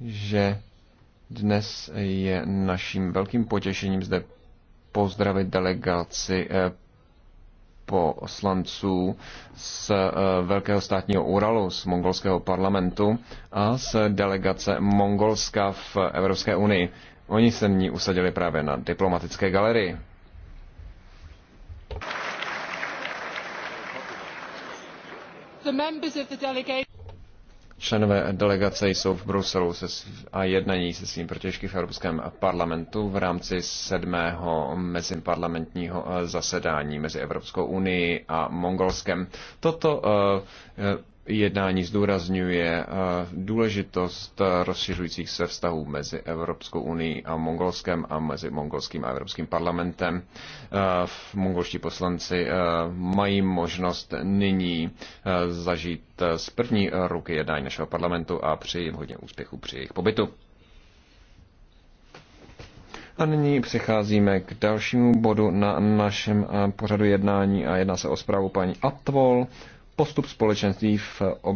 že dnes je naším velkým potěšením zde pozdravit delegaci eh, poslanců z eh, Velkého státního Uralu, z mongolského parlamentu a z delegace Mongolska v Evropské unii. Oni se ní usadili právě na diplomatické galerii. The members of the delegation Členové delegace jsou v Bruselu se, a jednají se svým protěžky v Evropském parlamentu v rámci sedmého meziparlamentního eh, zasedání mezi Evropskou unii a Mongolskem. Toto eh, eh, jednání zdůrazňuje eh, důležitost eh, rozšiřujících se vztahů mezi Evropskou unii a Mongolskem a mezi mongolským a Evropským parlamentem. Eh, mongolští poslanci mají možnost nyní zažít z první ruky jednání našeho parlamentu a přeji hodně úspěchu při jejich pobytu. A nyní přecházíme k dalšímu bodu na našem pořadu jednání a jedná se o zprávu paní Atvol postup společenství v oblasti